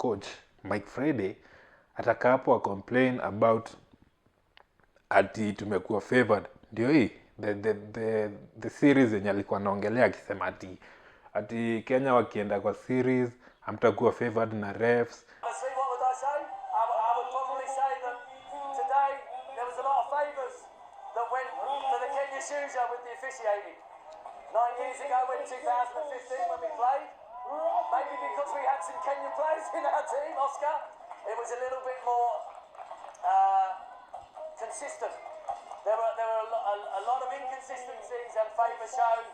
coach Mike Friday atakapo acomplain about ati tumekuwa favored, ndio hii the, the, the, the series yenye alikuwa anaongelea akisema ati ati Kenya wakienda kwa series amtakuwa favored na refs. With the officiating. Nine years ago in 2015 when because we had some Kenyan players in our team, Oscar, it was a little bit more uh, consistent. There were there were a lot, a, a lot of inconsistencies and favour shown,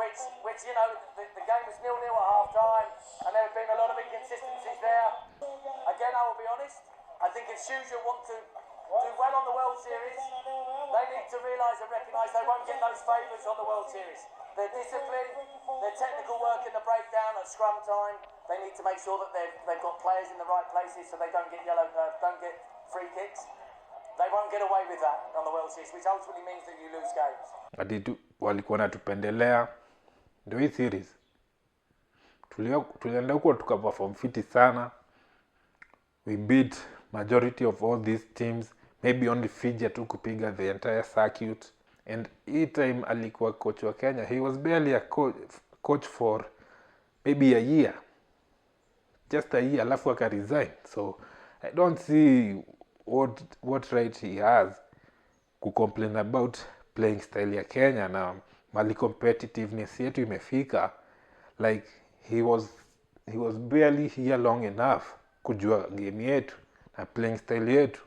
which which you know the, the game was nil nil at half time, and there have been a lot of inconsistencies there. Again, I will be honest. I think if Shuja want to do well on the World Series. They need to realise and recognise they won't get those favours on the World Series. Their discipline, their technical work in the breakdown at scrum time, they need to make sure that they've, they've got players in the right places so they don't get yellow, uh, don't get free kicks. They won't get away with that on the World Series, which ultimately means that you lose games. Adidu, walikuwa natupendelea ndio hii series tulienda huko tukaperform fiti sana we beat majority of all these teams maybe only Fiji tu kupiga the entire circuit and hii time alikuwa coach wa Kenya, he was barely a coach, coach for maybe a year, just a year, alafu aka resign. So I don't see what what right he has ku complain about playing style ya Kenya na mali competitiveness yetu imefika, like he was he was barely here long enough kujua game yetu na playing style yetu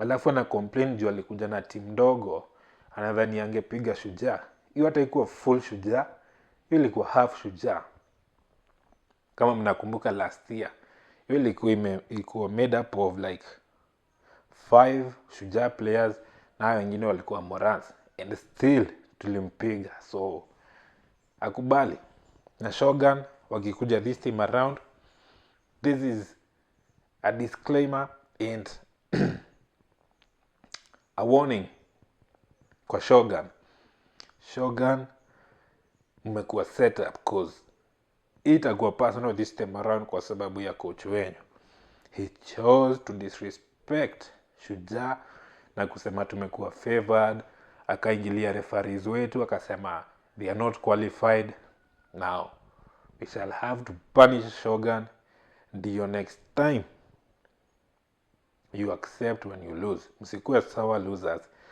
alafu ana complain juu alikuja na timu ndogo, anadhani angepiga Shujaa. Hiyo hata ikuwa full Shujaa, hiyo ilikuwa half Shujaa. Kama mnakumbuka last year, hiyo ilikuwa ime ilikuwa made up of like five Shujaa players na wengine walikuwa Morans, and still tulimpiga. So akubali na Shogun wakikuja this time around, this is a disclaimer and a warning kwa Shogun. Shogun mmekuwa set up cause itakuwa personal this time around kwa sababu ya coach wenyu. He chose to disrespect Shujaa na kusema tumekuwa favored, akaingilia referees wetu akasema they are not qualified now we shall have to punish Shogun. Ndiyo next time you accept when you lose msikuwe sawa losers